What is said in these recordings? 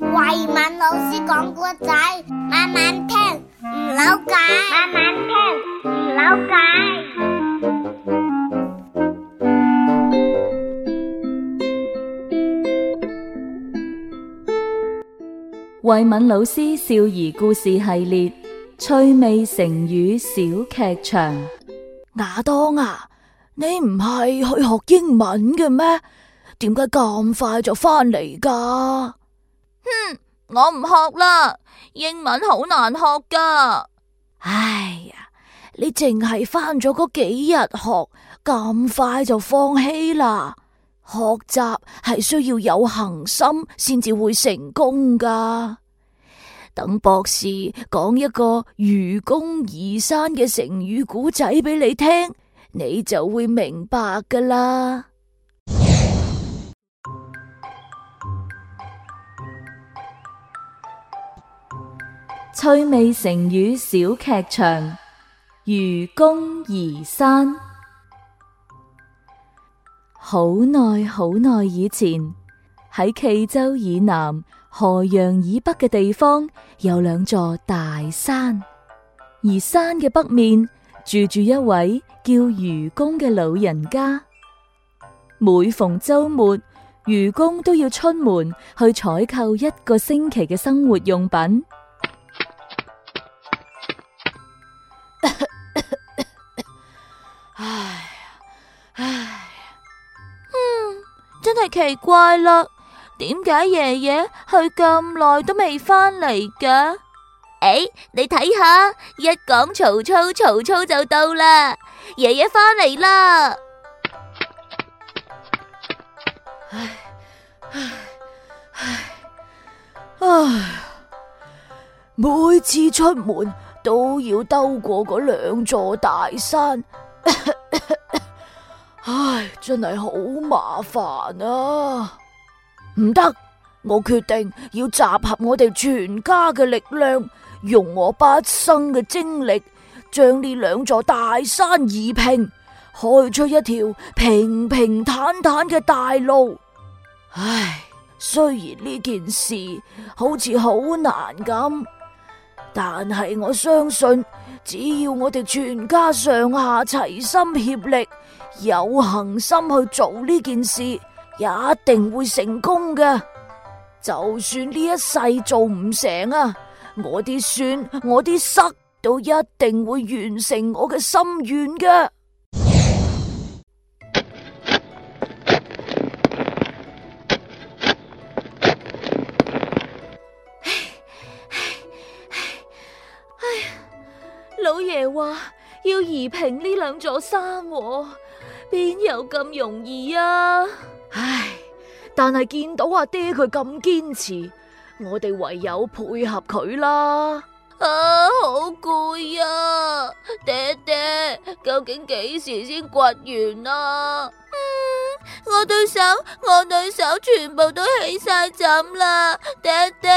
慧敏老師講故仔，慢慢聽，唔扭計。慢慢聽，唔扭計。慧敏老師少兒故事系列趣味成語小劇場。亞當啊，你唔係去學英文嘅咩？點解咁快就翻嚟噶？哼，我唔學啦，英文好難學噶。哎呀，你淨係翻咗嗰幾日學，咁快就放棄啦？學習係需要有恆心先至會成功噶。等博士講一個愚公移山嘅成語故仔俾你聽，你就會明白噶啦。趣味成語小劇場《愚公移山》。好耐好耐以前，喺冀州以南、河陽以北嘅地方，有兩座大山。而山嘅北面，住住一位叫愚公嘅老人家。每逢周末，愚公都要出門去採購一個星期嘅生活用品。真係奇怪啦，點解爺爺去咁耐都未返嚟㗎？誒、哎，你睇下，一講曹操，曹操就到啦，爺爺返嚟啦！唉唉唉，每次出門都要兜過嗰兩座大山。 真係好麻煩啊！唔得，我決定要集合我哋全家嘅力量，用我畢生嘅精力，將呢兩座大山移平，開出一條平平坦坦嘅大路。唉，雖然呢件事好似好難咁，但係我相信。只要我哋全家上下齊心協力，有恒心去做呢件事，也一定會成功嘅。就算呢一世做唔成啊，我啲算我啲失，都一定會完成我嘅心願嘅。要移平呢兩座山，邊有咁容易啊？唉，但係見到阿爹佢咁堅持，我哋唯有配合佢啦。啊，好攰啊！爹爹，究竟幾時先掘完啊？嗯，我對手，我對手全部都起晒枕啦，爹爹。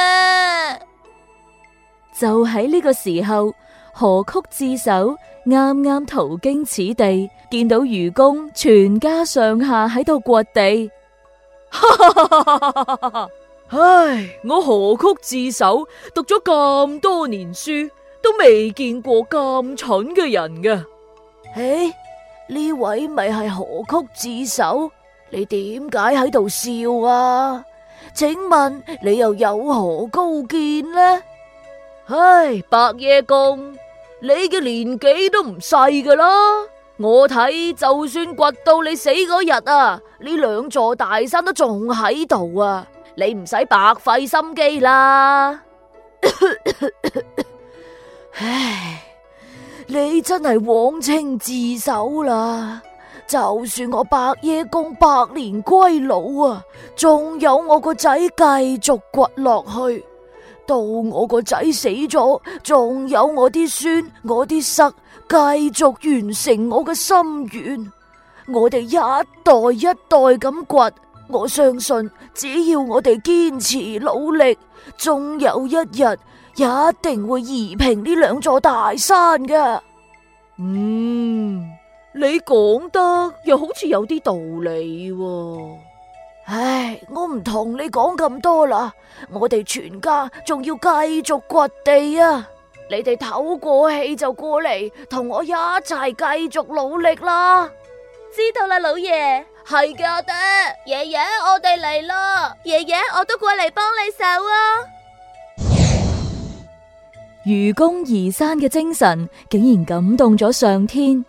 就喺呢個時候，河曲智叟。啱啱途經此地，見到愚公全家上下喺度掘地，唉！我河曲智叟，讀咗咁多年書，都未見過咁蠢嘅人㗎。唉，呢位咪係河曲智叟？你點解喺度笑啊？請問你又有何高見呢？唉，白夜公，你嘅年紀都唔細噶啦，我睇就算掘到你死嗰日啊，呢兩座大山都仲喺度啊，你唔使白費心機啦。 唉，你真係枉稱自首啦！就算我伯爺公百年歸老啊，仲有我個仔繼續掘落去。到我個仔死咗，仲有我啲孫、我啲侄，繼續完成我嘅心願。我哋一代一代咁掘，我相信只要我哋堅持努力，仲有一日，一定會移平呢兩座大山嘅。嗯，你講得又好似有啲道理喎。唉，我唔同你講咁多啦，我哋全家仲要繼續掘地啊！你哋唞過氣就過嚟，同我一齊繼續努力啦！知道啦，老爺，係嘅，阿爹，爺爺，我哋嚟咯，爺爺，我都過嚟幫你手啊！愚公移山嘅精神，竟然感動咗上天。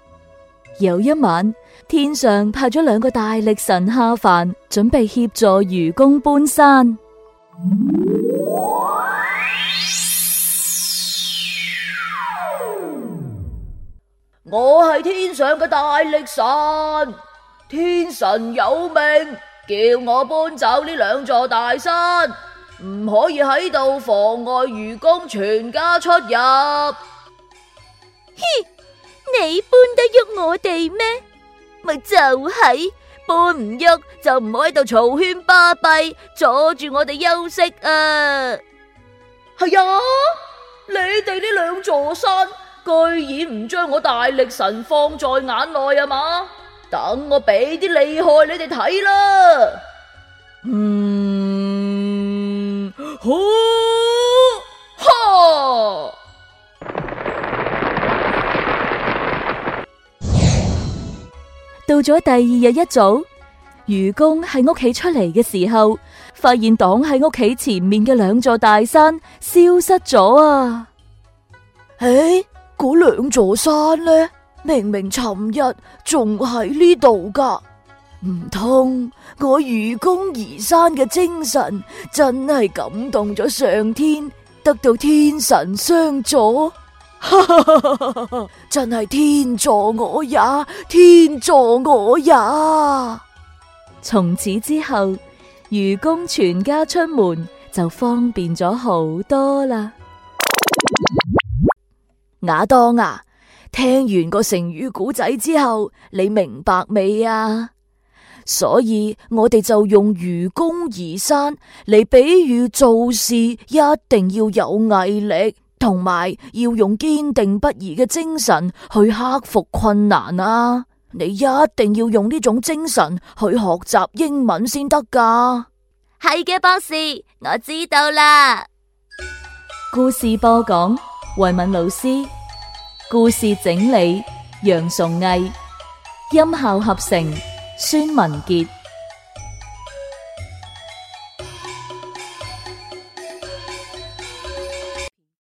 有一晚，天上派咗兩個大力神下凡，準備協助愚公搬山。我係天上嘅大力神，天神有命，叫我搬走呢兩座大山，唔可以喺度妨礙愚公全家出入。嘿。你搬得喐我哋咩？咪就係搬唔喐就唔好喺度嘈喧巴閉，阻住我哋休息啊！係啊！你哋呢兩座山居然唔將我大力神放在眼內啊嘛？等我俾啲厲害你哋睇啦！嗯，好。到咗第二日一早，愚公喺屋企出嚟嘅時候，發現擋喺屋企前面嘅兩座大山消失咗啊！唉、欸，嗰兩座山呢？明明尋日仲喺呢度㗎，唔通我愚公移山嘅精神真係感動咗上天，得到天神相助。 真係天助我也，天助我也。從此之後，愚公全家出門就方便咗好多啦。亞當啊，聽完個成語故仔之後，你明白未啊？所以我哋就用愚公移山嚟比喻做事一定要有毅力。同埋要用堅定不移嘅精神去克服困難啊！你一定要用呢種精神去學習英文先得㗎。係嘅，博士，我知道啦。故事播講：維敏老師，故事整理：楊崇毅，音效合成：孫文杰。